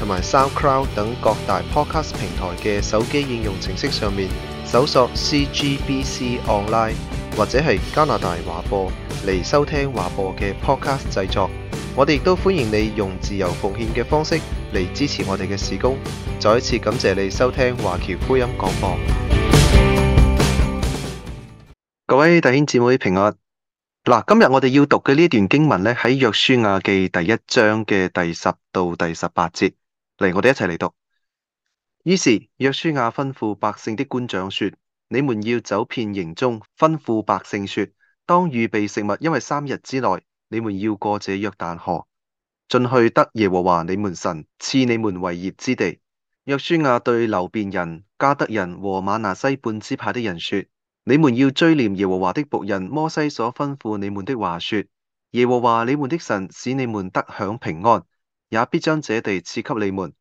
同埋 SoundCloud 等各大 Podcast 平台嘅手機應用程式上面搜索 CGBC Online 或者係加拿大華播嚟收聽華播嘅 Podcast 製作。我哋亦都歡迎你用自由奉獻嘅方式嚟支持我哋嘅事工。再一次感謝你收聽華僑福音廣播。各位弟兄姊妹平安。嗱，今日我哋要讀嘅呢段經文咧，喺約書亞記第一章嘅第十到第十八節。嚟，我哋一齊嚟讀。於是，約書亞吩咐百姓的官長說：你們要走遍營中，吩咐百姓說：當預備食物，因為三日之內，你們要過這約旦河，進去得耶和華你們神賜你們為業之地。約書亞對流便人、迦得人和瑪拿西半支派的人說：你們要追念耶和華的僕人摩西所吩咐你們的話說：耶和華你們的神使你們得享平安。也必將這地賜給你們，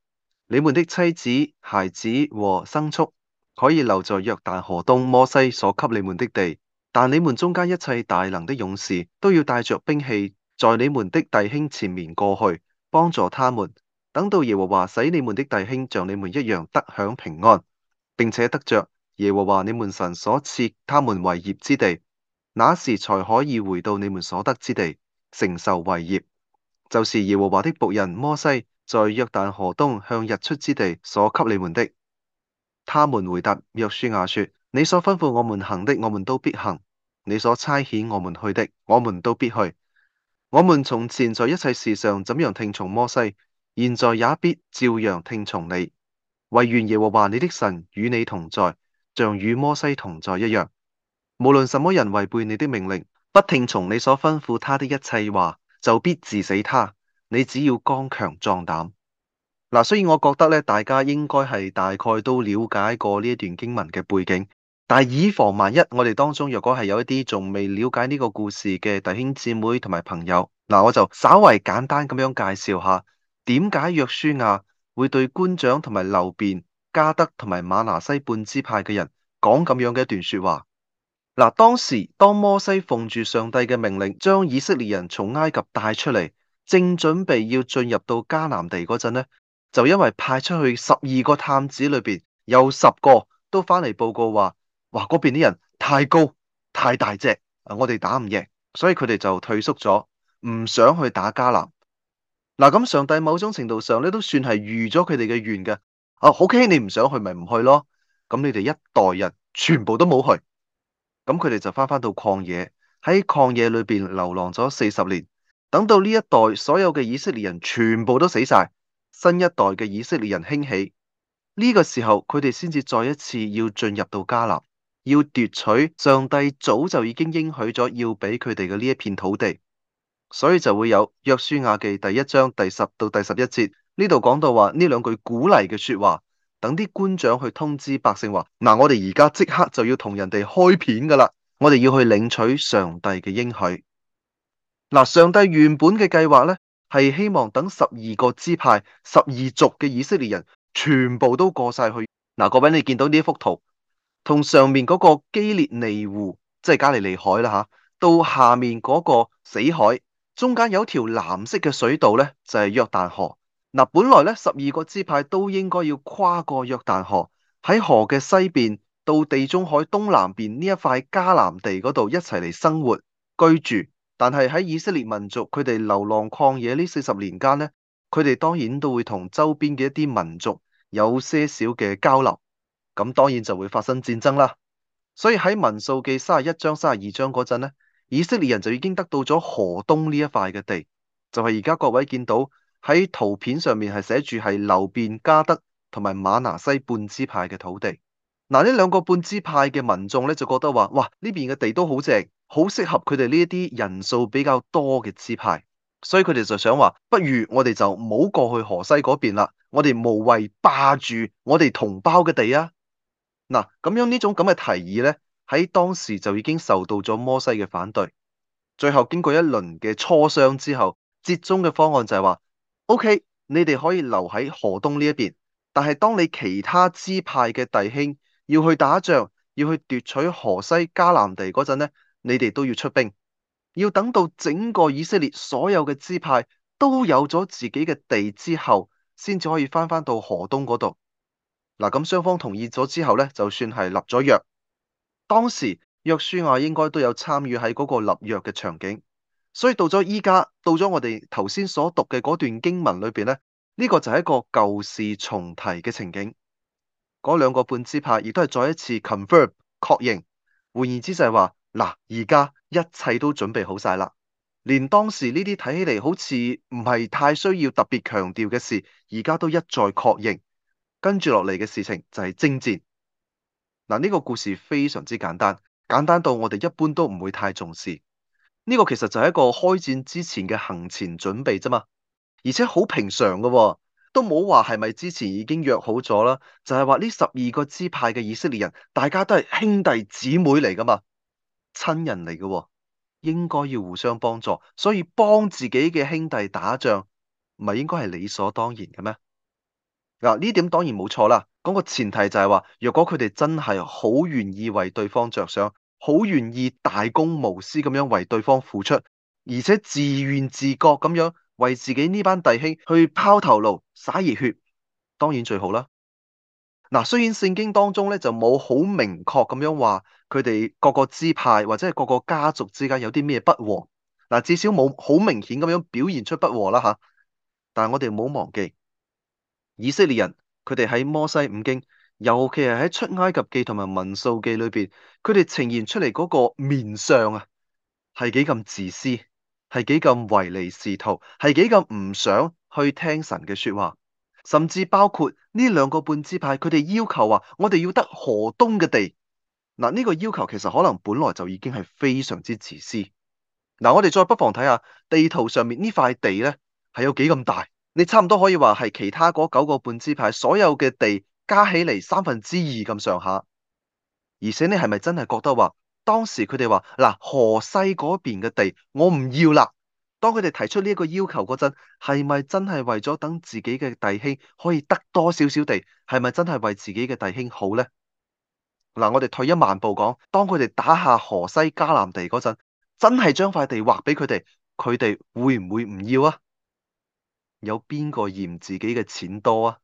你們的妻子、孩子和牲畜可以留在約旦河東。摩西所給你們的地，但你們中間一切大能的勇士都要帶着兵器，在你們的弟兄前面過去，幫助他們。等到耶和華使你們的弟兄像你們一樣得享平安，並且得着耶和華你們神所賜他們為業之地，那時才可以回到你們所得之地，承受為業。就是耶和華的僕人摩西在約旦河東向日出之地所給你們的。他們回答約書亞說：你所吩咐我們行的，我們都必行；你所差遣我們去的，我們都必去。我們從前在一切事上怎樣聽從摩西，現在也必照樣聽從你。惟願耶和華你的神與你同在，像與摩西同在一樣。無論什麼人違背你的命令，不聽從你所吩咐他的一切話。就必致死他。你只要剛強壯膽。嗱，雖然我覺得咧，大家應該係大概都了解過呢一段經文嘅背景，但以防萬一，我哋當中若果係有一啲仲未了解呢個故事嘅弟兄姊妹同埋朋友，嗱，我就稍為簡單咁樣介紹下，點解約書亞會對官長同埋流便、加德同埋馬拿西半支派嘅人講咁樣嘅一段說話。.嗱，當時當摩西奉住上帝嘅命令，將以色列人從埃及帶出嚟，正準備要進入到迦南地嗰陣咧，就因為派出去十二個探子裏邊有十個都翻嚟報告話，哇，嗰邊啲人太高太大隻，我哋打唔贏，所以佢哋就退縮咗，唔想去打迦南。嗱，咁上帝某種程度上咧都算係預咗佢哋嘅願嘅。啊，OK，你唔想去咪唔去咯？咁你哋一代人全部都冇去。咁佢哋就返返到曠野，喺曠野裏邊流浪咗四十年，等到呢一代所有嘅以色列人全部都死晒，新一代嘅以色列人興起，呢個時候佢哋先至再一次要進入到迦南，要奪取上帝早就已經應許咗要俾佢哋嘅呢一片土地，所以就會有約書亞記第一章第十到第十一節呢度講到話呢兩句鼓勵嘅說話。等啲官長去通知百姓話：嗱，我哋而家即刻就要同人哋開片噶啦，我哋要去領取上帝嘅應許。嗱，上帝原本嘅計劃呢，係希望等十二個支派，十二族嘅以色列人全部都過晒去。嗱，各位你見到呢一幅圖，同上面嗰個基列尼湖，即係加利利海啦吓，到下面嗰個死海，中間有條藍色嘅水道呢，就係約旦河。本來咧，十二個支派都應該要跨過約旦河，喺河嘅西邊到地中海東南邊呢一塊迦南地嗰度一齊嚟生活居住。但係喺以色列民族，佢哋流浪曠野呢四十年間咧，佢哋當然都會同周邊嘅一啲民族有些少嘅交流，咁當然就會發生戰爭啦。所以喺民數記三十一章，三十二章嗰陣咧，以色列人就已經得到咗河東呢一塊嘅地，就係而家各位見到。喺圖片上面係寫住係流便、加德同埋馬拿西半支派嘅土地。嗱，呢兩個半支派嘅民眾咧就覺得話，哇，呢邊嘅地都好正，好適合佢哋呢一啲人數比較多嘅支派，所以佢哋就想話，不如我哋就唔好過去河西嗰邊啦，我哋無謂霸住我哋同胞嘅地啊。嗱，咁樣呢種咁嘅提議咧，喺當時就已經受到咗摩西嘅反對。最後經過一輪嘅磋商之後，折中嘅方案就係話。O.K. 你哋可以留喺河東呢一邊，但係當你其他支派嘅弟兄要去打仗，要去奪取河西迦南地嗰陣咧，你哋都要出兵。要等到整個以色列所有嘅支派都有咗自己嘅地之後，先至可以翻返到河東嗰度。嗱，咁雙方同意咗之後咧，就算係立咗約。當時約書亞、啊、應該都有參與喺嗰個立約嘅場景。所以到咗依家，到咗我哋頭先所讀嘅嗰段經文裏邊呢，呢、呢個就係一個舊事重提嘅情景。嗰兩個半支派亦都係再一次 confirm 確認，換言之就係話，嗱，而家一切都準備好晒啦，連當時呢啲睇起嚟好似唔係太需要特別強調嘅事，而家都一再確認。跟住落嚟嘅事情就係征戰。嗱，呢、呢個故事非常之簡單，簡單到我哋一般都唔會太重視。呢個其實就係一個開戰之前嘅行前準備啫嘛，而且好平常㗎喎，都冇話係咪之前已經約好咗啦。就係話呢十二個支派嘅以色列人，大家都係兄弟姊妹嚟㗎嘛，親人嚟㗎喎，應該要互相幫助。所以幫自己嘅兄弟打仗，唔係應該係理所當然嘅咩？嗱、啊，呢點當然冇錯啦。咁個前提就係話，若果佢哋真係好願意為對方着想。好願意大公無私咁樣為對方付出，而且自願自覺咁樣為自己呢班弟兄去拋頭顱灑熱血，當然最好啦。嗱，雖然聖經當中咧就冇好明確咁樣話佢哋各個支派或者係各個家族之間有啲咩不和，嗱至少冇好明顯咁樣表現出不和啦吓。但係我哋唔好忘記，以色列人佢哋喺摩西五經，尤其係喺出埃及記同埋民數記裏邊，佢哋呈現出嚟嗰個面相啊，係幾咁自私，係幾咁唯利是圖，係幾咁唔想去聽神嘅說話，甚至包括呢兩個半支派，佢哋要求話我哋要得河東嘅地。嗱，呢個要求其實可能本來就已經係非常之自私。嗱，我哋再不妨睇下地圖上面呢塊地咧，係有幾咁大？你差唔多可以話係其他嗰九個半支派所有嘅地。加起嚟三分之二咁上下，而且你係咪真係覺得話當時佢哋話，嗱，河西嗰邊嘅地我唔要啦？當佢哋提出呢一個要求嗰陣，係咪真係為咗等自己嘅弟兄可以得多少少地？係咪真係為自己嘅弟兄好呢？嗱，我哋退一萬步講，當佢哋打下河西迦南地嗰陣，真係將塊地劃俾佢哋，佢哋會唔會唔要啊？有邊個嫌自己嘅錢多啊？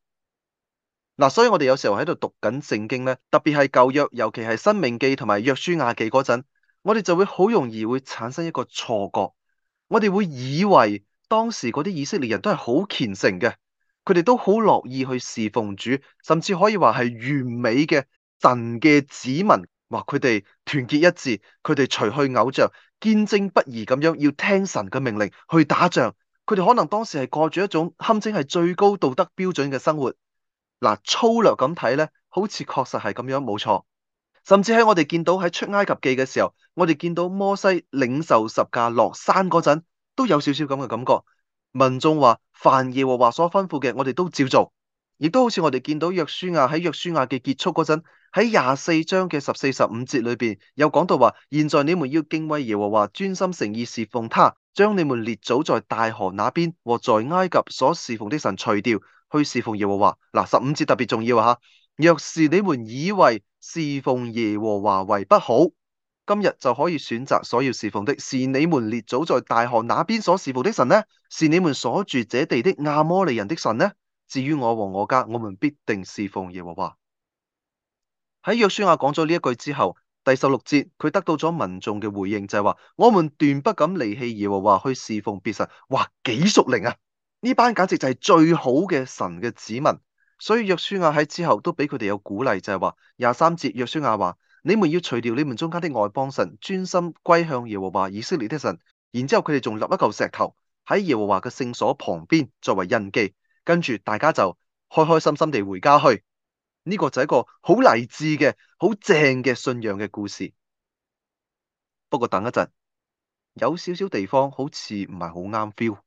嗱、啊，所以我哋有時候喺度讀緊聖經咧，特別係舊約，尤其係申命記同埋約書亞記嗰陣，我哋就會好容易會產生一個錯覺，我哋會以為當時嗰啲以色列人都係好虔誠嘅，佢哋都好樂意去侍奉主，甚至可以話係完美嘅神嘅子民。哇！佢哋團結一致，佢哋除去偶像，堅貞不移咁樣要聽神嘅命令去打仗。佢哋可能當時係過住一種堪稱係最高道德標準嘅生活。粗略咁睇呢，好似確實係咁樣，冇錯。甚至喺我哋見到喺出埃及記嘅時候，我哋見到摩西領受十誡落山嗰陣，都有少少咁嘅感覺。民眾話：凡耶和華所吩咐嘅，我哋都照做。亦都好似我哋見到約書亞喺約書亞嘅結束嗰陣，喺廿四章嘅十四十五節裏邊有講到話：現在你們要敬畏耶和華，專心誠意侍奉他，將你們列祖在大河那邊和在埃及所侍奉的神除掉。去侍奉耶和華嗱、啊，十五節特別重要吓、啊。若是你們以為侍奉耶和華為不好，今日就可以選擇所要侍奉的。是你們列祖在大河那邊所侍奉的神呢？是你們所住這地的亞摩利人的神呢？至於我和我家，我們必定侍奉耶和華。喺約書亞講咗呢一句之後，第十六節佢得到咗民眾嘅回應，就係、是、話：我們斷不敢離棄耶和華去侍奉別神。哇，幾熟靈啊！呢班簡直就係最好嘅神嘅子民，所以約書亞喺之後都俾佢哋有鼓勵，就係話廿三節，約書亞話：你們要除掉你們中間的外邦神，專心歸向耶和華以色列的神。然之後佢哋仲立一嚿石頭喺耶和華嘅聖所旁邊作為印記，跟住大家就開開心心地回家去。呢個就係一個好勵志嘅、好正嘅信仰嘅故事。不過等一陣，有少少地方好似唔係好啱 feel。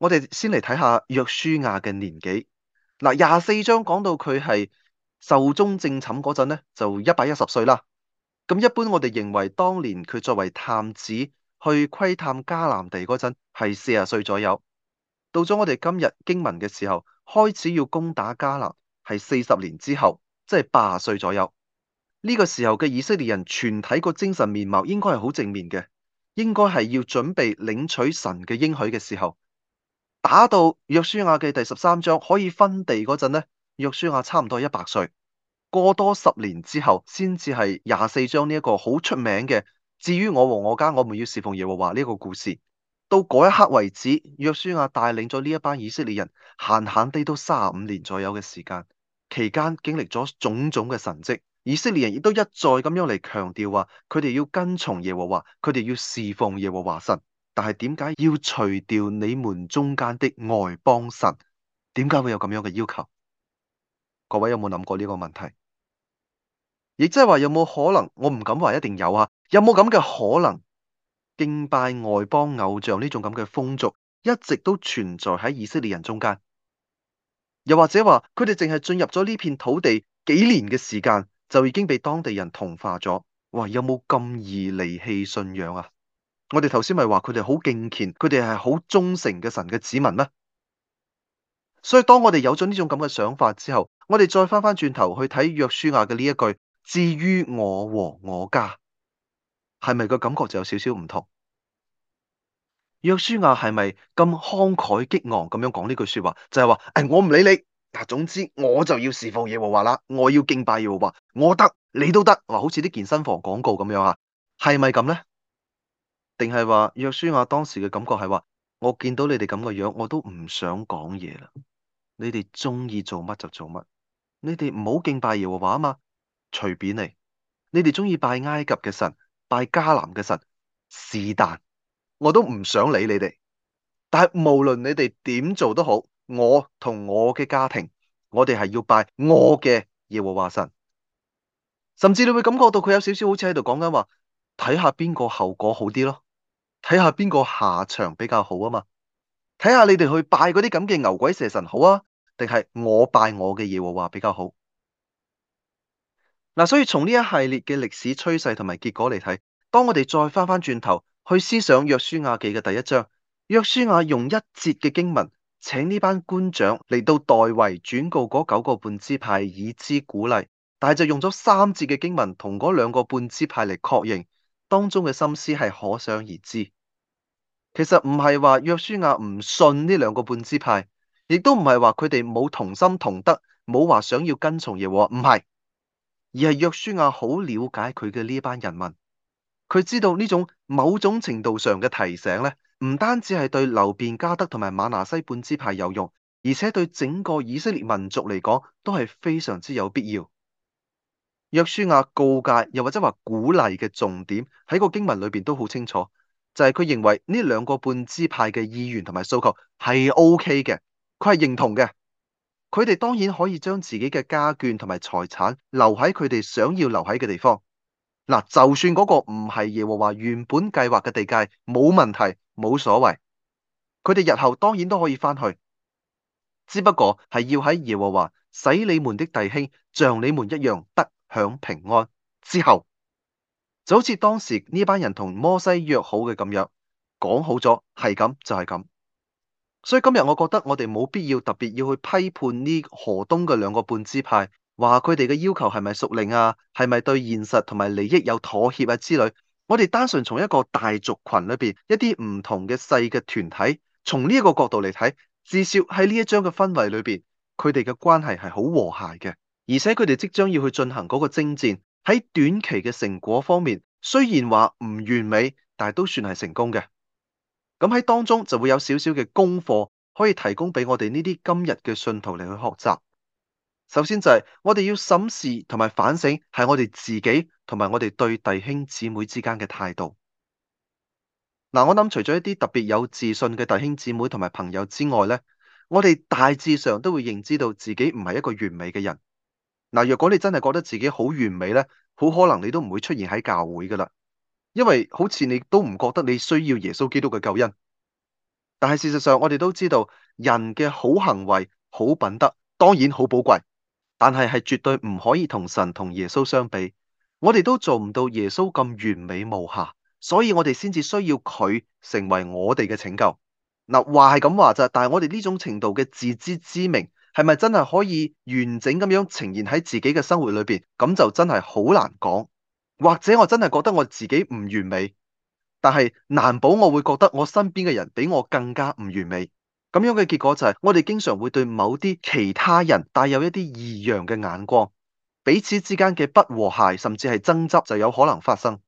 我哋先嚟睇下約書亞嘅年紀。嗱，廿四章講到佢係壽終正寢嗰陣咧，就一百一十歲啦。咁一般我哋認為當年佢作為探子去窺探迦南地嗰陣係四十歲左右。到咗我哋今日經文嘅時候，開始要攻打迦南，係四十年之後，即係八十歲左右。呢、這個時候嘅以色列人全體個精神面貌應該係好正面嘅，應該係要準備領取神嘅應許嘅時候。打到約書亞嘅第十三章可以分地嗰陣咧，約書亞差唔多一百歲，過多十年之後，先至係廿四章呢一個好出名嘅，至於我和我家，我們要侍奉耶和華呢一個故事。到嗰一刻為止，約書亞帶領咗呢一班以色列人，閒閒地都三十五年左右嘅時間，期間經歷咗種種嘅神蹟，以色列人亦都一再咁樣嚟強調話，佢哋要跟從耶和華，佢哋要侍奉耶和華神。但係點解要除掉你們中間的外邦神？點解會有咁樣嘅要求？各位有冇諗過呢個問題？亦即係話有冇可能？我唔敢話一定有啊。有冇咁嘅可能？敬拜外邦偶像呢種咁嘅風俗一直都存在喺以色列人中間。又或者話佢哋淨係進入咗呢片土地幾年嘅時間，就已經被當地人同化咗。哇！有冇咁易離棄信仰啊？我哋頭先咪話佢哋好敬虔，佢哋係好忠誠嘅神嘅子民咩？所以當我哋有咗呢種咁嘅想法之後，我哋再返返轉頭去睇約書亞嘅呢一句：至於我和我家，係咪個感覺就有少少唔同？約書亞係咪咁慷慨激昂咁樣講呢句說話？就係話：誒，我唔理你，嗱，總之我就要侍奉耶和華啦，我要敬拜耶和華，我得你都得，好似啲健身房廣告咁樣啊，係咪咁呢？」定係話，約書亞當時嘅感覺係話：我見到你哋咁嘅樣，我都唔想講嘢啦。你哋中意做乜就做乜，你哋唔好敬拜耶和華啊嘛，隨便你。你哋中意拜埃及嘅神、拜迦南嘅神，是但，我都唔想理你哋。但係無論你哋點做都好，我同我嘅家庭，我哋係要拜我嘅耶和華神。甚至你會感覺到佢有少少好似喺度講緊話，睇下邊個後果好啲咯。睇下邊個下場比較好啊嘛？睇下你哋去拜嗰啲咁嘅牛鬼蛇神好啊，定係我拜我嘅耶和華比較好嗱、啊。所以從呢一系列嘅歷史趨勢同埋結果嚟睇，當我哋再翻翻轉頭去思想約書亞記嘅第一章，約書亞用一節嘅經文請呢班官長嚟到代為轉告嗰九個半支派以資鼓勵，但係就用咗三節嘅經文同嗰兩個半支派嚟確認。當中嘅心思係可想而知。其實唔係話約書亞唔信呢兩個半支派，亦都唔係話佢哋冇同心同德，冇話想要跟從耶和華，唔係，而係約書亞好了解佢嘅呢班人民，佢知道呢種某種程度上嘅提醒咧，唔單止係對流便加德同埋馬拿西半支派有用，而且對整個以色列民族嚟講都係非常之有必要。約書亞告誡又或者話鼓勵嘅重點喺個經文裏邊都好清楚，就係、是、佢認為呢兩個半支派嘅意願同埋訴求係 O K 嘅，佢係認同嘅。佢哋當然可以將自己嘅家眷同埋財產留喺佢哋想要留喺嘅地方。嗱，就算嗰個唔係耶和華原本計劃嘅地界，冇問題，冇所謂。佢哋日後當然都可以翻去，只不過係要喺耶和華使你們的弟兄像你們一樣得。享平安之後，就好似當時呢班人同摩西約好嘅咁樣，講好咗係咁就係咁。所以今日我覺得我哋冇必要特別要去批判呢河東嘅兩個半支派，話佢哋嘅要求係咪屬靈啊，係咪對現實同埋利益有妥協啊之類。我哋單純從一個大族群裏邊一啲唔同嘅細嘅團體，從呢一個角度嚟睇，至少喺呢一章嘅氛圍裏邊，佢哋嘅關係係好和諧嘅。而且佢哋即將要去進行嗰個征戰，喺短期嘅成果方面，雖然話唔完美，但係都算係成功嘅。咁喺當中就會有少少嘅功課可以提供俾我哋呢啲今日嘅信徒嚟去學習。首先就係我哋要審視同埋反省係我哋自己同埋我哋對弟兄姊妹之間嘅態度。嗱，我諗除咗一啲特別有自信嘅弟兄姊妹同埋朋友之外咧，我哋大致上都會認知到自己唔係一個完美嘅人。嗱，若果你真係覺得自己好完美咧，好可能你都唔會出現喺教會噶啦，因為好似你都唔覺得你需要耶穌基督嘅救恩。但係事實上，我哋都知道人嘅好行為、好品德，當然好寶貴，但係係絕對唔可以同神同耶穌相比。我哋都做唔到耶穌咁完美無瑕，所以我哋先至需要佢成為我哋嘅拯救。嗱，話係咁話咋，但係我哋呢種程度嘅自知之明。係咪真係可以完整咁樣呈現喺自己嘅生活裏邊？咁就真係好難講。或者我真係覺得我自己唔完美，但係難保我會覺得我身邊嘅人比我更加唔完美。咁樣嘅結果就係我哋經常會對某啲其他人帶有一啲異樣嘅眼光，彼此之間嘅不和諧，甚至係爭執就有可能發生。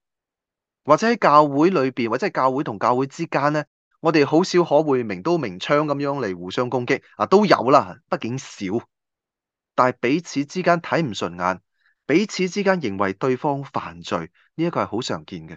或者喺教會裏邊，或者係教會同教會之間呢。我哋好少可會明刀明槍咁樣嚟互相攻擊，啊都有啦，畢竟少，但係彼此之間睇唔順眼，彼此之間認為對方犯罪，呢一個係好常見嘅。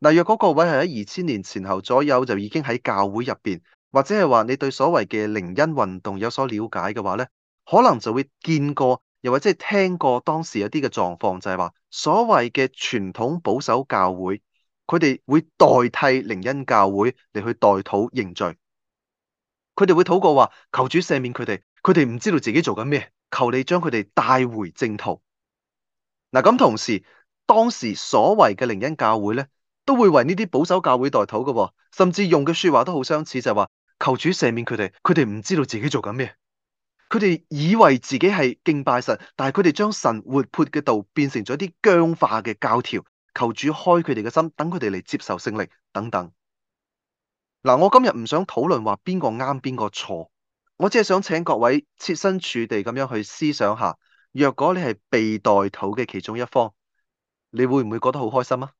嗱，若果各位係喺二千年前後左右就已經喺教會入邊，或者係話你對所謂嘅靈恩運動有所了解嘅話呢，可能就會見過，又或者係聽過當時一啲嘅狀況，就係話所謂嘅傳統保守教會。佢哋會代替靈恩教會嚟去代禱認罪，佢哋會禱告話：求主赦免佢哋，佢哋唔知道自己做緊咩。求你將佢哋帶回正途。嗱，咁同時，當時所謂嘅靈恩教會咧，都會為呢啲保守教會代禱嘅，甚至用嘅說話都好相似，就係話：求主赦免佢哋，佢哋唔知道自己做緊咩。佢哋以為自己係敬拜神，但係佢哋將神活潑嘅道變成咗啲僵化嘅教條。求主開佢哋嘅心，等佢哋嚟接受勝利等等。嗱，我今日唔想討論話邊個啱邊個錯，我只係想請各位設身處地咁樣去思想下：若果你係被代禱嘅其中一方，你會唔會覺得好開心啊？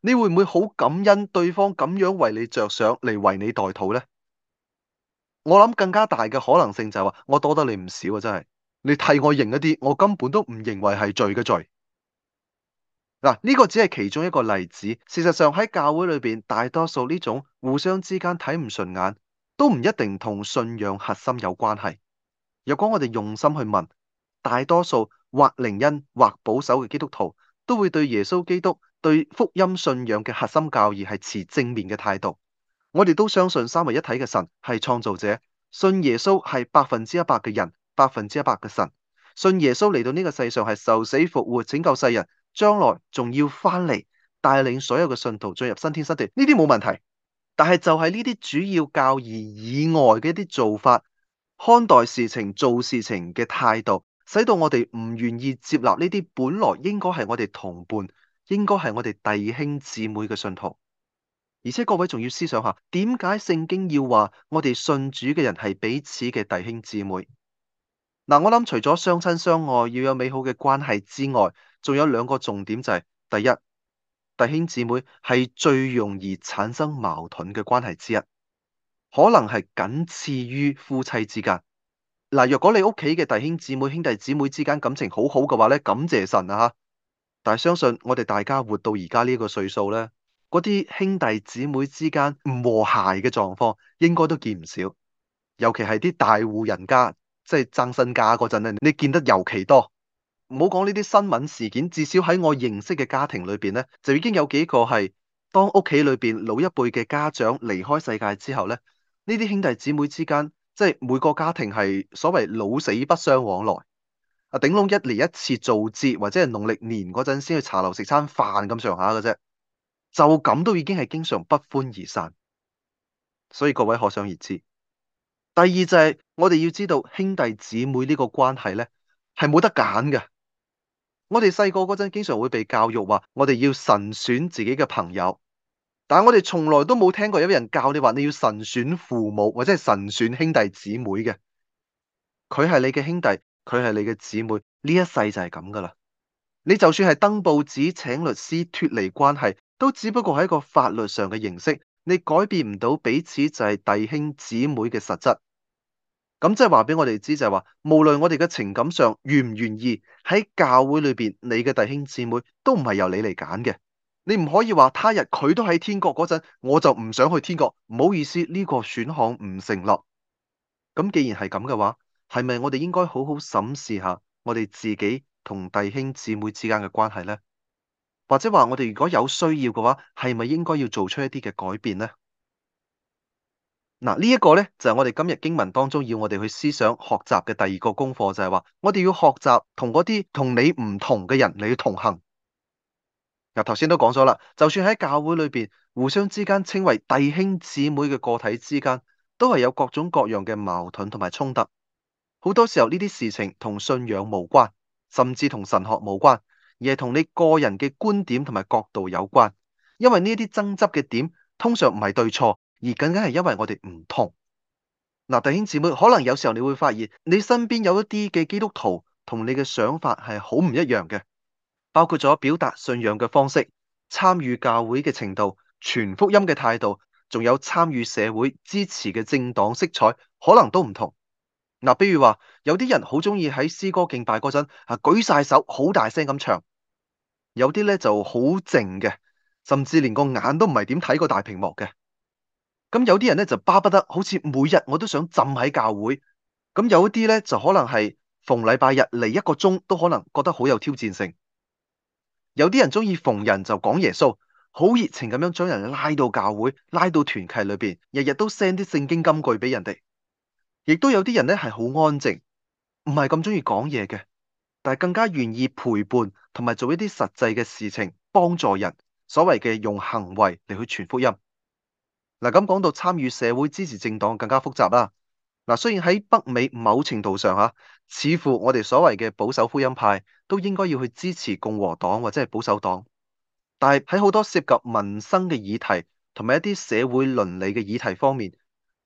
你會唔會好感恩對方咁樣為你着想嚟為你代禱呢？我諗更加大嘅可能性就係話，我多得你唔少啊！真係，你替我認一啲，我根本都唔認為係罪嘅罪。嗱，呢個只係其中一個例子。事實上喺教會裏邊，大多數呢種互相之間睇唔順眼，都唔一定同信仰核心有關係。若果我哋用心去問，大多數或靈恩或保守嘅基督徒，都會對耶穌基督對福音信仰嘅核心教義係持正面嘅態度。我哋都相信三位一體嘅神係創造者，信耶穌係百分之一百嘅人，百分之一百嘅神。信耶穌嚟到呢個世上，係受死復活拯救世人。將來仲要翻嚟帶領所有嘅信徒進入新天新地，呢啲冇問題。但係就係呢啲主要教義以外嘅一啲做法、看待事情、做事情嘅態度，使到我哋唔願意接納呢啲本來應該係我哋同伴、應該係我哋弟兄姊妹嘅信徒。而且各位仲要思想下，點解聖經要話我哋信主嘅人係彼此嘅弟兄姊妹？嗱，我諗除咗相親相愛要有美好嘅關係之外，仲有兩個重點就係、是，第一，弟兄姊妹係最容易產生矛盾嘅關係之一，可能係僅次於夫妻之間。嗱，若果你屋企嘅弟兄姊妹、兄弟姊妹之間感情好好嘅話咧，感謝神啊吓！但係相信我哋大家活到而家呢個歲數咧，嗰啲兄弟姊妹之間唔和諧嘅狀況應該都見唔少，尤其係啲大戶人家。即係爭身家嗰陣咧，你見得尤其多。唔好講呢啲新聞事件，至少喺我認識嘅家庭裏邊咧，就已經有幾個係當屋企裏邊老一輩嘅家長離開世界之後咧，呢啲兄弟姊妹之間，即係每個家庭係所謂老死不相往來。啊，頂籠一年一次做節或者係農曆年嗰陣先去茶樓食餐飯咁上下嘅啫，就咁都已經係經常不歡而散。所以各位可想而知。第二就係、是，我哋要知道兄弟姊妹呢個關係呢係冇得揀嘅。我哋細個嗰陣經常會被教育話，我哋要慎選自己嘅朋友，但係我哋從來都冇聽過有人教你話你要慎選父母或者係慎選兄弟姊妹嘅。佢係你嘅兄弟，佢係你嘅姊妹，呢一世就係咁噶啦。你就算係登報紙請律師脫離關係，都只不過係一個法律上嘅形式。你改變唔到彼此就係弟兄姊妹嘅實質，咁即係話俾我哋知就係話，無論我哋嘅情感上願唔願意，喺教會裏邊，你嘅弟兄姊妹都唔係由你嚟揀嘅，你唔可以話他日佢都喺天國嗰陣，我就唔想去天國。唔好意思，呢個選項唔成立。咁既然係咁嘅話，係咪我哋應該好好審視下我哋自己同弟兄姊妹之間嘅關係呢？或者話我哋如果有需要嘅話，係咪應該要做出一啲嘅改變咧？嗱、這個，呢一個咧就係、是、我哋今日經文當中要我哋去思想、學習嘅第二個功課就，就係話我哋要學習同嗰啲同你唔同嘅人嚟同行。嗱、啊，頭先都講咗啦，就算喺教會裏邊互相之間稱為弟兄姊妹嘅個體之間，都係有各種各樣嘅矛盾同埋衝突。好多時候呢啲事情同信仰無關，甚至同神學無關。嘢同你個人嘅觀點同埋角度有關，因為呢啲爭執嘅點通常唔係對錯，而僅僅係因為我哋唔同。嗱、啊、弟兄姊妹，可能有時候你會發現你身邊有一啲嘅基督徒同你嘅想法係好唔一樣嘅，包括咗表達信仰嘅方式、參與教會嘅程度、傳福音嘅態度，仲有參與社會支持嘅政黨色彩，可能都唔同。嗱、啊，比如話有啲人好中意喺詩歌敬拜嗰陣啊舉晒手，好大聲咁唱。有啲咧就好靜嘅，甚至連個眼都唔係點睇個大屏幕嘅。咁有啲人咧就巴不得，好似每日我都想浸喺教會。咁有一啲咧就可能係逢禮拜日嚟，一個鐘都可能覺得好有挑戰性。有啲人中意逢人就講耶穌，好熱情咁樣將人拉到教會、拉到團契裏邊，日日都 send 啲聖經金句俾人哋。亦都有啲人咧係好安靜，唔係咁中意講嘢嘅。但更加願意陪伴同埋做一啲實際嘅事情幫助人，所謂嘅用行為嚟去傳福音。嗱，咁講到參與社會、支持政黨更加複雜啦。嗱、啊，雖然喺北美某程度上嚇、啊，似乎我哋所謂嘅保守福音派都應該要去支持共和黨或者係保守黨，但係喺好多涉及民生嘅議題同埋一啲社會倫理嘅議題方面，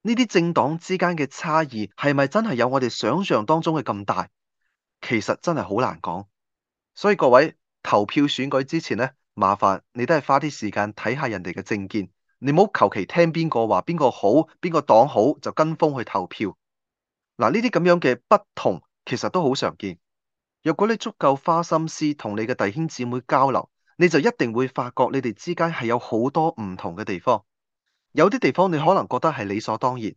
呢啲政黨之間嘅差異係咪真係有我哋想象當中嘅咁大？其實真係好難講，所以各位投票選舉之前咧，麻煩你都係花啲時間睇下人哋嘅政見，你唔好求其聽邊個話邊個好，邊個黨好就跟風去投票。嗱，呢啲咁樣嘅不同其實都好常見。若果你足夠花心思同你嘅弟兄姊妹交流，你就一定會發覺你哋之間係有好多唔同嘅地方。有啲地方你可能覺得係理所當然，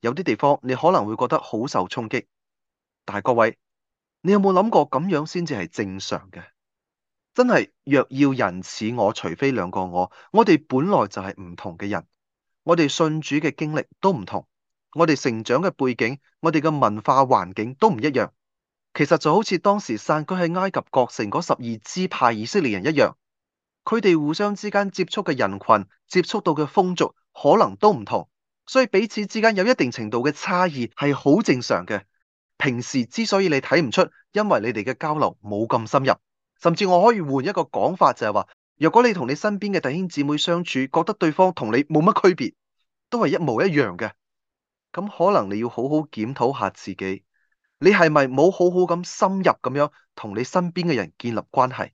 有啲地方你可能會覺得好受衝擊。但係各位。你有冇諗過咁樣先至係正常嘅？真係，若要人似我，除非兩個我。我哋本來就係唔同嘅人，我哋信主嘅經歷都唔同，我哋成長嘅背景、我哋嘅文化環境都唔一樣。其實就好似當時散居喺埃及各城嗰十二支派以色列人一樣，佢哋互相之間接觸嘅人群、接觸到嘅風俗可能都唔同，所以彼此之間有一定程度嘅差異係好正常嘅。平時之所以你睇唔出，因為你哋嘅交流冇咁深入，甚至我可以換一個講法，就係話，若果你同你身邊嘅弟兄姊妹相處，覺得對方同你冇乜區別，都係一模一樣嘅，咁可能你要好好檢討下自己，你係咪冇好好咁深入咁樣同你身邊嘅人建立關係？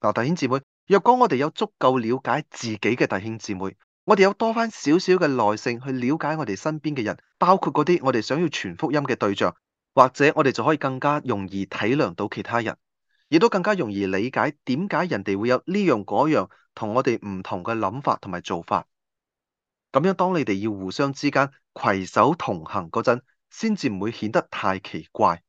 嗱，弟兄姊妹，若果我哋有足夠了解自己嘅弟兄姊妹。我哋有多翻少少嘅耐性去了解我哋身邊嘅人，包括嗰啲我哋想要傳福音嘅對象，或者我哋就可以更加容易體諒到其他人，亦都更加容易理解點解人哋會有呢樣嗰樣同我哋唔同嘅諗法同埋做法。咁樣，當你哋要互相之間攜手同行嗰陣，先至唔會顯得太奇怪。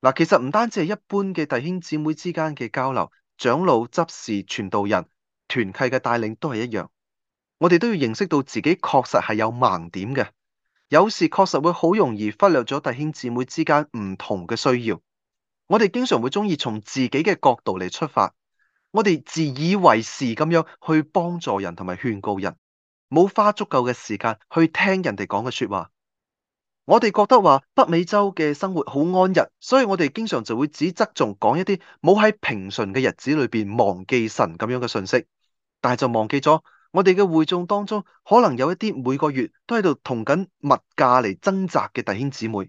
嗱，其實唔單止係一般嘅弟兄姊妹之間嘅交流，長老執事傳道人團契嘅帶領都係一樣。我哋都要認識到自己確實係有盲點嘅，有時確實會好容易忽略咗弟兄姊妹之間唔同嘅需要。我哋經常會中意從自己嘅角度嚟出發，我哋自以為是咁樣去幫助人同埋勸告人，冇花足夠嘅時間去聽人哋講嘅說話。我哋覺得話北美洲嘅生活好安逸，所以我哋經常就會只側重講一啲冇喺平順嘅日子裏邊忘記神咁樣嘅信息，但係就忘記咗。我哋嘅會眾當中，可能有一啲每個月都喺度同緊物價嚟掙扎嘅弟兄姊妹，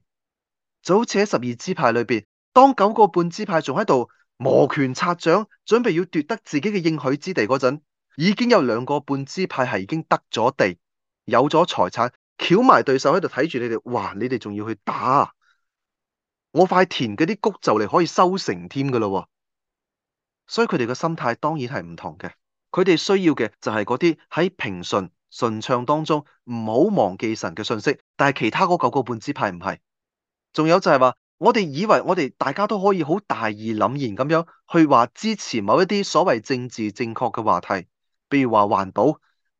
就好似喺十二支派裏邊，當九個半支派仲喺度摩拳擦掌，準備要奪得自己嘅應許之地嗰陣，已經有兩個半支派係已經得咗地，有咗財產，翹埋對手喺度睇住你哋，哇！你哋仲要去打？我塊田嗰啲穀就嚟可以收成添㗎喇，所以佢哋嘅心態當然係唔同嘅。佢哋需要嘅就係嗰啲喺平順順暢當中，唔好忘記神嘅信息。但係其他嗰九個半支派唔係。仲有就係話，我哋以為我哋大家都可以好大義凜然咁樣去話支持某一啲所謂政治正確嘅話題，譬如話環保，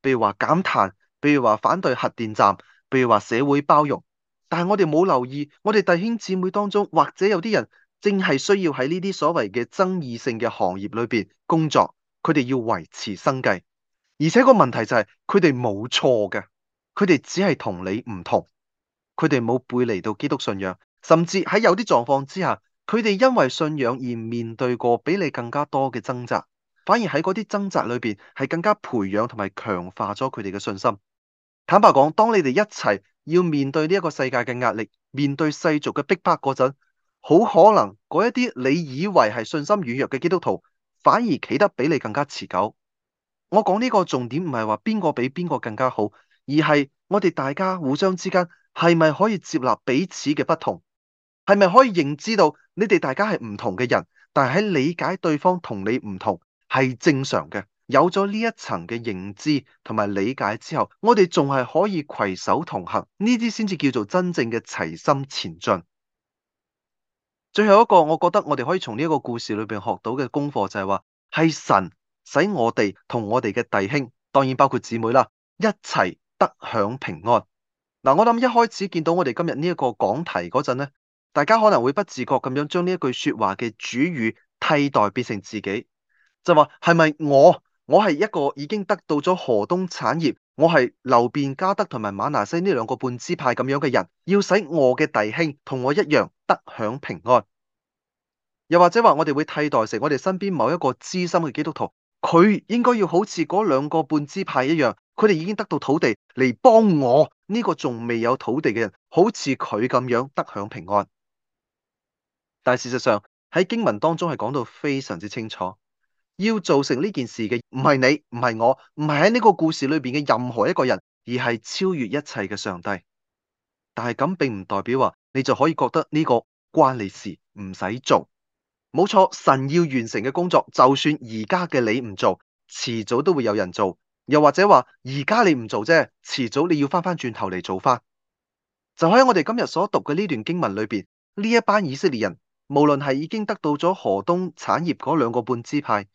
譬如話減碳，譬如話反對核電站，譬如話社會包容。但係我哋冇留意，我哋弟兄姊妹當中或者有啲人正係需要喺呢啲所謂嘅爭議性嘅行業裏邊工作。佢哋要維持生計，而且個問題就係佢哋冇錯嘅，佢哋只係同你唔同，佢哋冇背離到基督信仰，甚至喺有啲狀況之下，佢哋因為信仰而面對過比你更加多嘅掙扎，反而喺嗰啲掙扎裏邊係更加培養同埋強化咗佢哋嘅信心。坦白講，當你哋一齊要面對呢一個世界嘅壓力，面對世俗嘅逼迫嗰陣，好可能嗰一啲你以為係信心軟弱嘅基督徒。反而企得比你更加持久。我講呢個重點唔係話邊個比邊個更加好，而係我哋大家互相之間係咪可以接納彼此嘅不同，係咪可以認知到你哋大家係唔同嘅人，但係理解對方同你唔同係正常嘅。有咗呢一層嘅認知同埋理解之後，我哋仲係可以攜手同行，呢啲先至叫做真正嘅齊心前進。最後一個，我覺得我哋可以從呢一個故事裏邊學到嘅功課就係話，係神使我哋同我哋嘅弟兄，當然包括姊妹啦，一齊得享平安。嗱、啊，我諗一開始見到我哋今日呢一個講題嗰陣咧，大家可能會不自覺咁樣將呢一句説話嘅主語替代變成自己，就話係咪我？我係一個已經得到咗河東產業。我係流便、加德同埋馬拿西呢兩個半支派咁樣嘅人，要使我嘅弟兄同我一樣得享平安。又或者話，我哋會替代成我哋身邊某一個資深嘅基督徒，佢應該要好似嗰兩個半支派一樣，佢哋已經得到土地嚟幫我呢個仲未有土地嘅人，好似佢咁樣得享平安。但事實上喺經文當中係講到非常之清楚。要做成呢件事嘅唔係你，唔係我，唔係喺呢個故事裏邊嘅任何一個人，而係超越一切嘅上帝。但係咁並唔代表話你就可以覺得呢個關你事，唔使做。冇錯，神要完成嘅工作，就算而家嘅你唔做，遲早都會有人做。又或者話而家你唔做啫，遲早你要翻翻轉頭嚟做翻。就喺我哋今日所讀嘅呢段經文裏邊，呢一班以色列人，無論係已經得到咗河東產業嗰兩個半支派。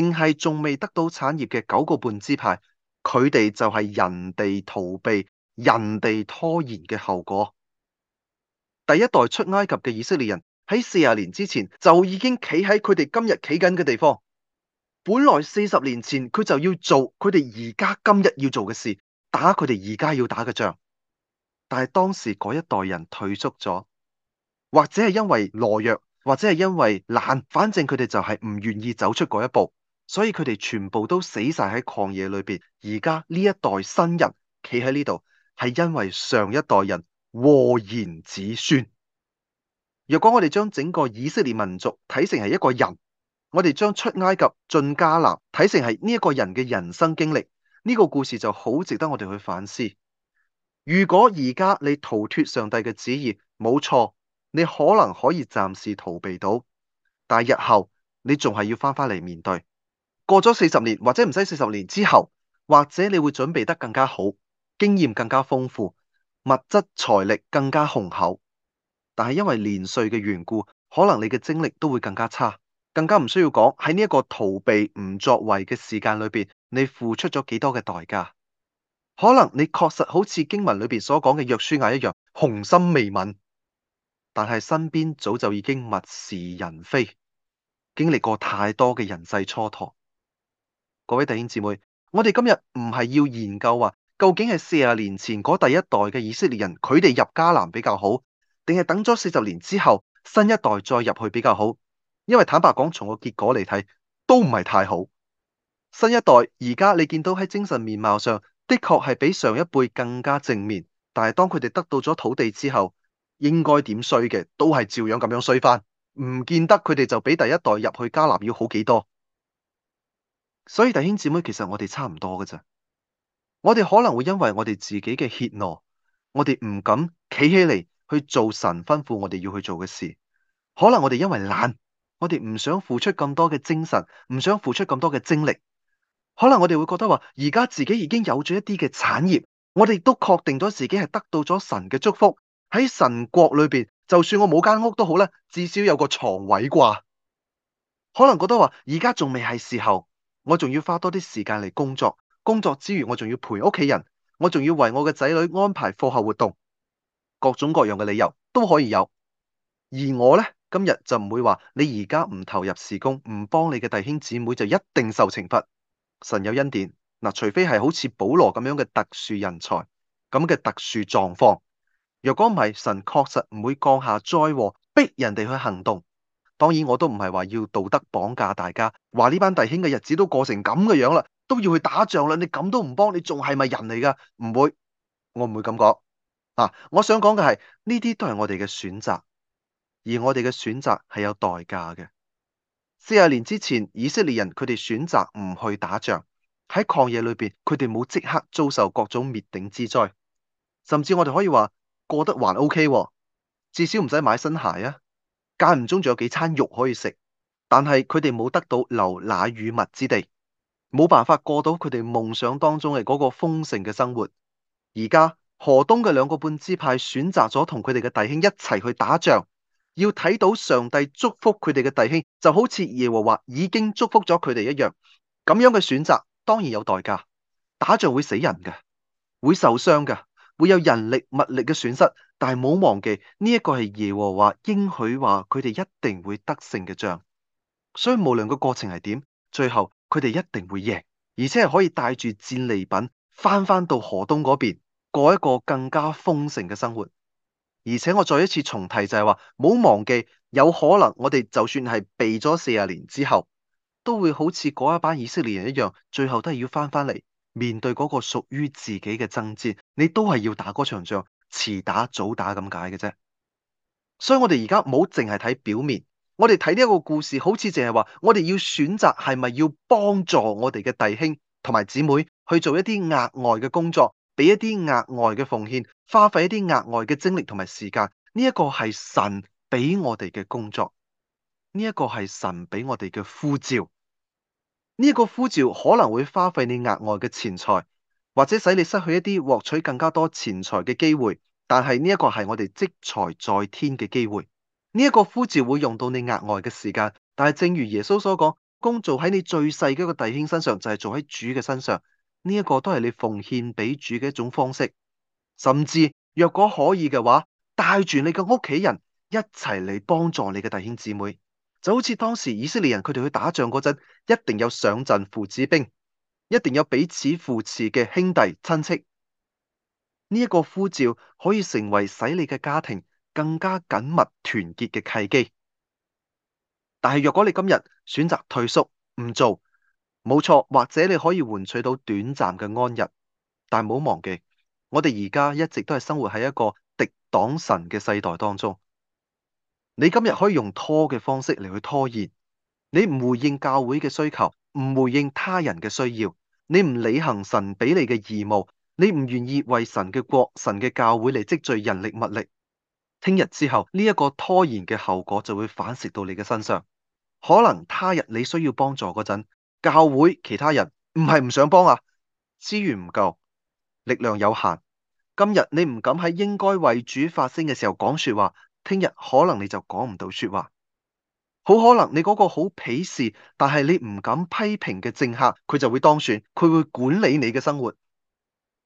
定係仲未得到產業嘅九個半支派，佢哋就係人哋逃避、人哋拖延嘅後果。第一代出埃及嘅以色列人喺四十年之前就已經企喺佢哋今日企緊嘅地方，本來四十年前佢就要做佢哋而家今日要做嘅事，打佢哋而家要打嘅仗，但係當時嗰一代人退縮咗，或者係因為懦弱，或者係因為懶，反正佢哋就係唔願意走出嗰一步。所以佢哋全部都死晒喺曠野裏邊，而家呢一代新人企喺呢度，係因為上一代人禍延子孫。若果我哋將整個以色列民族睇成係一個人，我哋將出埃及進迦南睇成係呢一個人嘅人生經歷，呢、呢個故事就好值得我哋去反思。如果而家你逃脫上帝嘅旨意，冇錯，你可能可以暫時逃避到，但係日後你仲係要翻返嚟面對。過咗四十年，或者唔使四十年之後，或者你會準備得更加好，經驗更加豐富，物質財力更加雄厚。但係因為年歲嘅緣故，可能你嘅精力都會更加差，更加唔需要講喺呢一個逃避唔作為嘅時間裏邊，你付出咗幾多嘅代價？可能你確實好似經文裏邊所講嘅約書亞一樣，雄心未泯，但係身邊早就已經物是人非，經歷過太多嘅人世蹉跎。各位弟兄姊妹，我哋今日唔係要研究話，究竟係四十年前嗰第一代嘅以色列人，佢哋入迦南比較好，定係等咗四十年之後新一代再入去比較好？因為坦白講，從個結果嚟睇，都唔係太好。新一代而家你見到喺精神面貌上的確係比上一輩更加正面，但係當佢哋得到咗土地之後，應該點衰嘅，都係照樣咁樣衰翻，唔見得佢哋就比第一代入去迦南要好幾多。所以弟兄姊妹，其實我哋差唔多噶咋。我哋可能會因為我哋自己嘅怯懦，我哋唔敢企起嚟，去做神吩咐我哋要去做嘅事。可能我哋因為懶，我哋唔想付出咁多嘅精神，唔想付出咁多嘅精力。可能我哋會覺得話，而家自己已經有咗一啲嘅產業，我哋都確定咗自己係得到咗神嘅祝福。喺神國裏邊，就算我冇間屋都好啦，至少有個床位啩。可能覺得話，而家仲未係時候。我仲要花多啲時間嚟工作，工作之餘我仲要陪屋企人，我仲要為我嘅仔女安排課後活動，各種各樣嘅理由都可以有。而我呢，今日就唔會話你而家唔投入事工，唔幫你嘅弟兄姊妹就一定受懲罰。神有恩典嗱，除非係好似保羅咁樣嘅特殊人才，咁嘅特殊狀況。若果唔係，神確實唔會降下災禍，逼人哋去行動。當然我都唔係話要道德綁架大家，話呢班弟兄嘅日子都過成咁嘅樣啦，都要去打仗啦，你咁都唔幫，你仲係咪人嚟噶？唔會，我唔會咁講啊！我想講嘅係呢啲都係我哋嘅選擇，而我哋嘅選擇係有代價嘅。四十年之前，以色列人佢哋選擇唔去打仗，喺曠野裏邊佢哋冇即刻遭受各種滅頂之災，甚至我哋可以話過得還 OK 啊，至少唔使買新鞋啊。間唔中仲有幾餐肉可以食，但係佢哋冇得到流奶與蜜之地，冇辦法過到佢哋夢想當中嘅嗰個豐盛嘅生活。而家河東嘅兩個半支派選擇咗同佢哋嘅弟兄一齊去打仗，要睇到上帝祝福佢哋嘅弟兄，就好似耶和華已經祝福咗佢哋一樣。咁樣嘅選擇當然有代價，打仗會死人嘅，會受傷嘅，會有人力物力嘅損失。但係冇忘記呢一個係耶和華應許話佢哋一定會得勝嘅仗，所以無論個過程係點，最後佢哋一定會贏，而且係可以帶住戰利品翻翻到河東嗰邊過一個更加豐盛嘅生活。而且我再一次重提就係話，冇忘記有可能我哋就算係避咗四十年之後，都會好似嗰一班以色列人一樣，最後都係要翻翻嚟面對嗰個屬於自己嘅爭戰，你都係要打嗰場仗。遲打早打咁解嘅啫，所以我哋而家唔好淨係睇表面，我哋睇呢一個故事，好似淨係話，我哋要選擇係咪要幫助我哋嘅弟兄同埋姊妹去做一啲額外嘅工作，俾一啲額外嘅奉獻，花費一啲額外嘅精力同埋時間。呢一個係神俾我哋嘅工作，呢一個係神俾我哋嘅呼召，呢個呼召可能會花費你額外嘅錢財。或者使你失去一啲獲取更加多錢財嘅機會，但係呢一個係我哋積財在天嘅機會。呢、這、一個呼召會用到你額外嘅時間，但係正如耶穌所講，工做喺你最細嘅一個弟兄身上，就係、是、做喺主嘅身上。呢、這、一個都係你奉獻俾主嘅一種方式。甚至若果可以嘅話，帶住你嘅屋企人一齊嚟幫助你嘅弟兄姊妹，就好似當時以色列人佢哋去打仗嗰陣，一定有上陣父子兵。一定有彼此扶持嘅兄弟親戚，呢、這、一個呼召可以成為使你嘅家庭更加緊密團結嘅契機。但係若果你今日選擇退縮唔做，冇錯，或者你可以換取到短暫嘅安逸，但係唔好忘記，我哋而家一直都係生活喺一個敵擋神嘅世代當中。你今日可以用拖嘅方式嚟去拖延，你唔回應教會嘅需求。唔回應他人嘅需要，你唔履行神俾你嘅義務，你唔願意為神嘅國、神嘅教會嚟積聚人力物力，聽日之後呢一個拖延嘅後果就會反蝕到你嘅身上。可能他日你需要幫助嗰陣，教會其他人唔係唔想幫啊，資源唔夠，力量有限。今日你唔敢喺應該為主發聲嘅時候講說話，聽日可能你就講唔到說話。好可能你嗰個好鄙視，但係你唔敢批評嘅政客，佢就會當選，佢會管理你嘅生活。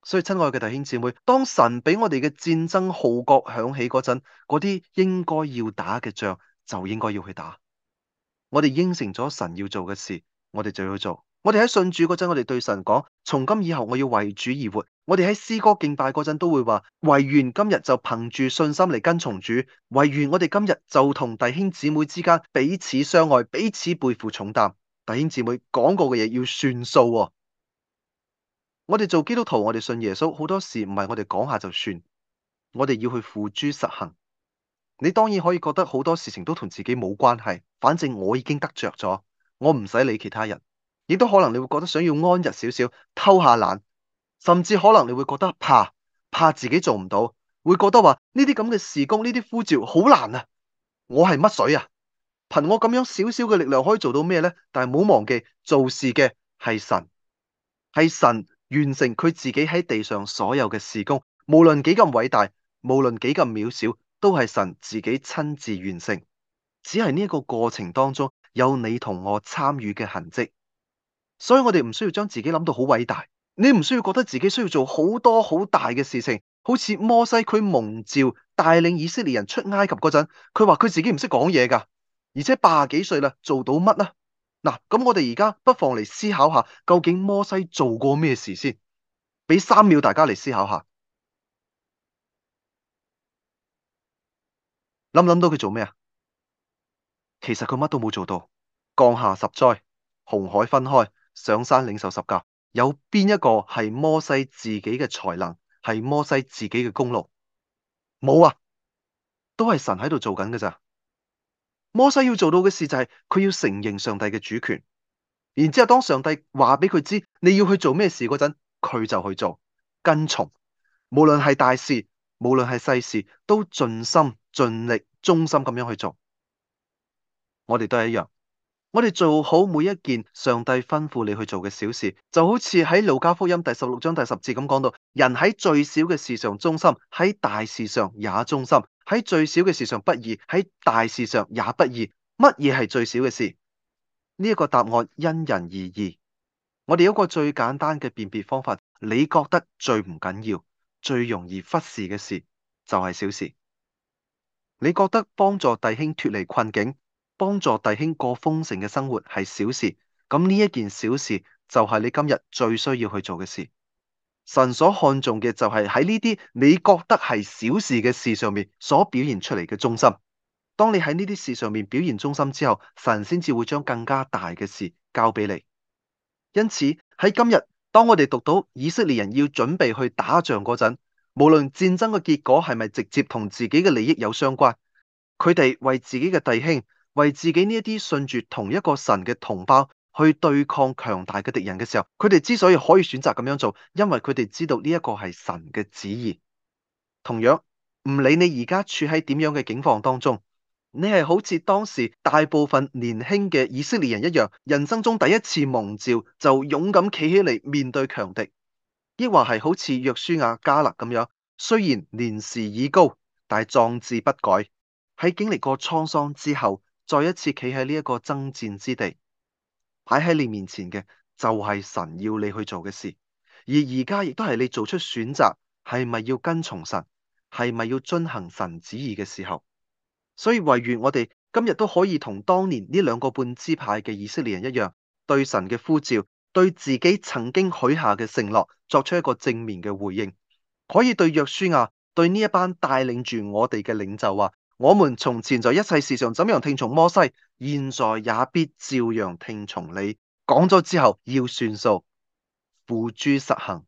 所以，親愛嘅弟兄姊妹，當神俾我哋嘅戰爭號角響起嗰陣，嗰啲應該要打嘅仗就應該要去打。我哋應承咗神要做嘅事，我哋就要做。我哋喺信主嗰陣，我哋對神講：從今以後，我要為主而活。我哋喺詩歌敬拜嗰陣都會話，唯願今日就憑住信心嚟跟從主；唯願我哋今日就同弟兄姊妹之間彼此相愛，彼此背負重擔。弟兄姊妹講過嘅嘢要算數喎。我哋做基督徒，我哋信耶穌，好多事唔係我哋講下就算，我哋要去付諸實行。你當然可以覺得好多事情都同自己冇關係，反正我已經得着咗，我唔使理其他人。亦都可能你會覺得想要安逸少少，偷下懶。甚至可能你會覺得怕，怕自己做唔到，會覺得話呢啲咁嘅事工，呢啲呼召好難啊！我係乜水啊？憑我咁樣少少嘅力量可以做到咩咧？但係唔好忘記做事嘅係神，係神完成佢自己喺地上所有嘅事工，無論幾咁偉大，無論幾咁渺小，都係神自己親自完成。只係呢個過程當中有你同我參與嘅痕跡，所以我哋唔需要將自己諗到好偉大。你唔需要覺得自己需要做好多好大嘅事情，好似摩西佢蒙召帶領以色列人出埃及嗰陣，佢話佢自己唔識講嘢噶，而且八十幾歲啦，做到乜啊？嗱，咁我哋而家不妨嚟思考下，究竟摩西做過咩事先？俾三秒大家嚟思考下，諗唔諗到佢做咩啊？其實佢乜都冇做到，降下十災，紅海分開，上山領受十誡。有邊一個係摩西自己嘅才能，係摩西自己嘅功勞？冇啊，都係神喺度做緊㗎咋。摩西要做到嘅事就係、是、佢要承認上帝嘅主權，然之後當上帝話俾佢知你要去做咩事嗰陣，佢就去做，跟從。無論係大事，無論係細事，都盡心盡力、忠心咁樣去做。我哋都係一樣。我哋做好每一件上帝吩咐你去做嘅小事，就好似喺路加福音第十六章第十節咁講到：人喺最小嘅事上忠心，喺大事上也忠心；喺最小嘅事上不易，喺大事上也不易。乜嘢係最小嘅事？呢、這、一個答案因人而異。我哋有個最簡單嘅辨別方法：你覺得最唔緊要、最容易忽視嘅事，就係、是、小事；你覺得幫助弟兄脫離困境。幫助弟兄過豐盛嘅生活係小事，咁呢一件小事就係你今日最需要去做嘅事。神所看重嘅就係喺呢啲你覺得係小事嘅事上面所表現出嚟嘅忠心。當你喺呢啲事上面表現忠心之後，神先至會將更加大嘅事交俾你。因此喺今日，當我哋讀到以色列人要準備去打仗嗰陣，無論戰爭嘅結果係咪直接同自己嘅利益有相關，佢哋為自己嘅弟兄。為自己呢一啲信住同一個神嘅同胞去對抗強大嘅敵人嘅時候，佢哋之所以可以選擇咁樣做，因為佢哋知道呢一個係神嘅旨意。同樣，唔理你而家處喺點樣嘅境況當中，你係好似當時大部分年輕嘅以色列人一樣，人生中第一次蒙召就勇敢企起嚟面對強敵，抑或係好似約書亞迦勒咁樣，雖然年事已高，但係壯志不改。喺經歷過滄桑之後。再一次企喺呢一個爭戰之地，擺喺你面前嘅就係、是、神要你去做嘅事，而而家亦都係你做出選擇，係咪要跟從神，係咪要遵行神旨意嘅時候。所以唯願我哋今日都可以同當年呢兩個半支派嘅以色列人一樣，對神嘅呼召，對自己曾經許下嘅承諾作出一個正面嘅回應，可以對約書亞，對呢一班帶領住我哋嘅領袖話、啊。我們從前在一切事上怎樣聽從摩西，現在也必照樣聽從你。講咗之後要算數，付諸實行，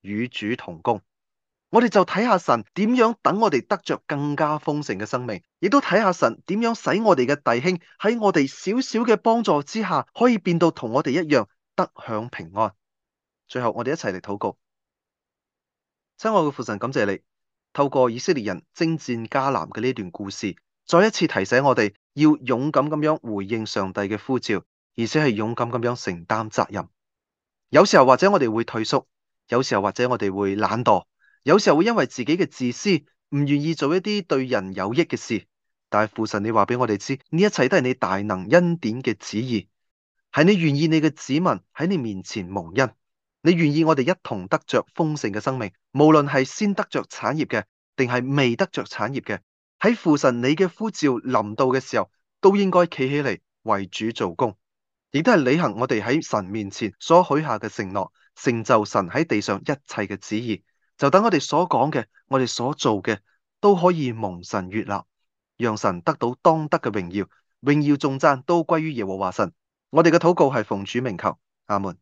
與主同工。我哋就睇下神點樣等我哋得着更加豐盛嘅生命，亦都睇下神點樣使我哋嘅弟兄喺我哋少少嘅幫助之下，可以變到同我哋一樣得享平安。最後我哋一齊嚟禱告，親愛嘅父神，感謝你。透過以色列人征戰迦南嘅呢段故事，再一次提醒我哋要勇敢咁樣回應上帝嘅呼召，而且係勇敢咁樣承擔責任。有時候或者我哋會退縮，有時候或者我哋會懶惰，有時候會因為自己嘅自私唔願意做一啲對人有益嘅事。但係父神，你話俾我哋知，呢一切都係你大能恩典嘅旨意，係你願意你嘅子民喺你面前蒙恩。你願意我哋一同得着豐盛嘅生命，無論係先得着產業嘅，定係未得着產業嘅，喺父神你嘅呼召臨到嘅時候，都應該企起嚟為主做工，亦都係履行我哋喺神面前所許下嘅承諾，成就神喺地上一切嘅旨意。就等我哋所講嘅，我哋所做嘅，都可以蒙神悅納，讓神得到當得嘅榮耀，榮耀頌讚都歸於耶和華神。我哋嘅禱告係奉主名求，阿門。